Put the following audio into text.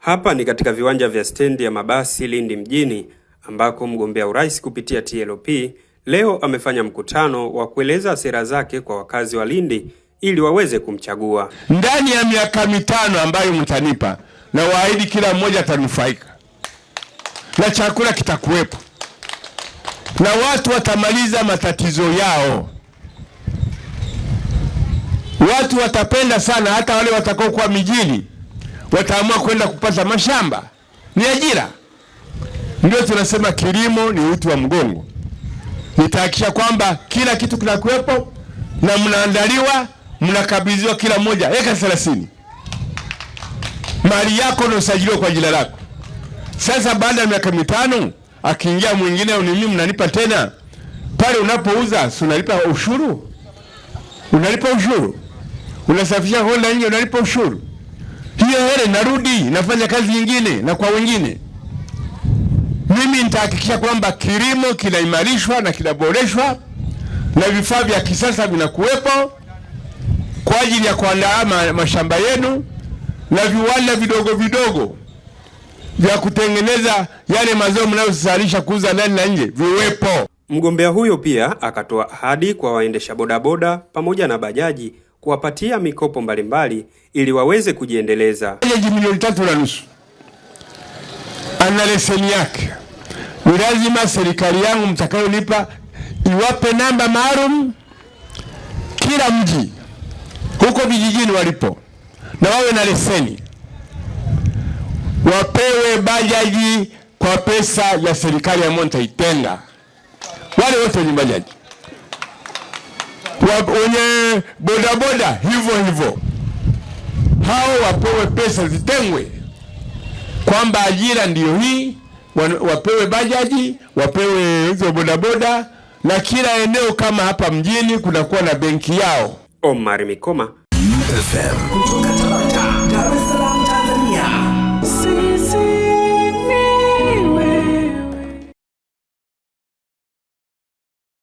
Hapa ni katika viwanja vya stendi ya mabasi Lindi mjini ambako mgombea urais kupitia TLP leo amefanya mkutano wa kueleza sera zake kwa wakazi wa Lindi ili waweze kumchagua. Ndani ya miaka mitano ambayo mtanipa, na waahidi kila mmoja atanufaika na chakula kitakuwepo, na watu watamaliza matatizo yao. Watu watapenda sana, hata wale watakaokuwa mijini wataamua kwenda kupata mashamba, ni ajira. Ndio tunasema kilimo ni uti wa mgongo. Nitahakikisha kwamba kila kitu kinakuwepo na mnaandaliwa, mnakabidhiwa kila mmoja eka thelathini, mali yako naosajiliwa kwa jina lako. Sasa baada ya miaka mitano akiingia mwingine, ni mimi mnanipa tena pale unapouza, si unalipa ushuru? Unalipa ushuru, unasafisha Honda nje, unalipa ushuru hiyo hele, narudi nafanya kazi nyingine na kwa wengine. Mimi nitahakikisha kwamba kilimo kinaimarishwa na kinaboreshwa na vifaa vya kisasa vinakuwepo kwa ajili ya kuandaa mashamba yenu na viwanda vidogo vidogo vya kutengeneza yale mazao mnayozalisha kuuza ndani na nje viwepo. Mgombea huyo pia akatoa ahadi kwa waendesha bodaboda pamoja na bajaji kuwapatia mikopo mbalimbali ili waweze kujiendeleza. Milioni tatu na nusu ana leseni yake, ni lazima serikali yangu mtakayolipa iwape namba maalum kila mji huko vijijini walipo, na wawe na leseni, wapewe bajaji kwa pesa ya serikali ambayo nitaitenga wale wote wenye bajaji wenye bodaboda hivyo hivyo, hao wapewe pesa zitengwe, kwamba ajira ndiyo hii, wapewe bajaji, wapewe hizo bodaboda, na kila eneo kama hapa mjini kunakuwa na benki yao. Omar Mikoma UFM.